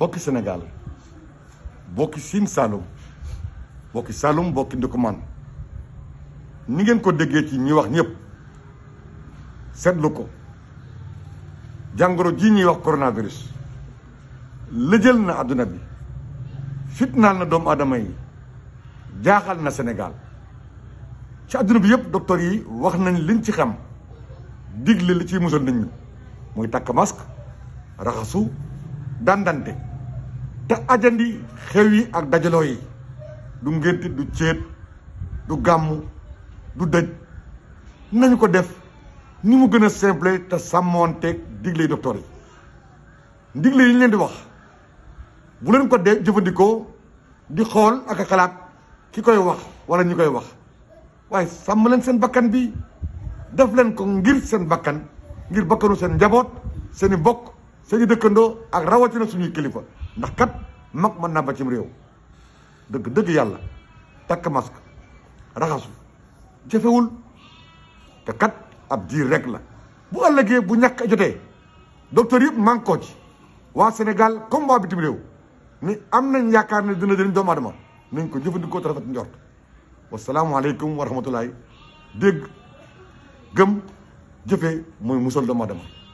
bokki senegal bokki Sine Saloum bokki Saloum bokki Ndoukoumane ni ngeen ko déggee ci ñuy wax ñëpp seetlu ko jàngoro ji ñuy wax coronavirus lëjël na àdduna bi fitnaal na doomu aadama yi jaaxal na senegal ci àdduna bi yëpp docteur yi wax nañ liñ ci xam digle li ciy musal nit ñi muy takk masque raxasu dandante te ajandi xew yi ak dajalo yi du ngénte du ciet du gamu du dej nañ ko def ni mu gëna simple te samonté digle docteur yi diglé yi ñu leen di wax bu leen ko jëfëndiko di xol ak xalaat ki wax wala wax way sam leen seen bakkan bi def leen ko ngir seen bakkan ngir bakkanu seen njaboot seen bok seen i ak ak rawatina suñu kilifa ndax kat mag mën naa ba cim réew dëgg dëgg yàlla takk mask raxasu jëfewul te kat ab diir rek la bu ëllëgee bu ñàkk a jotee docteur yëpp man koo ci waa Sénégal comme waa bitim réew ni am nañ yaakaar ne dina jëriñ doomu aadama nañ ko jëfandikoo te rafet njort wasalaamualeykum wa rahmatulahi dégg gëm jëfe muy musal doomu aadama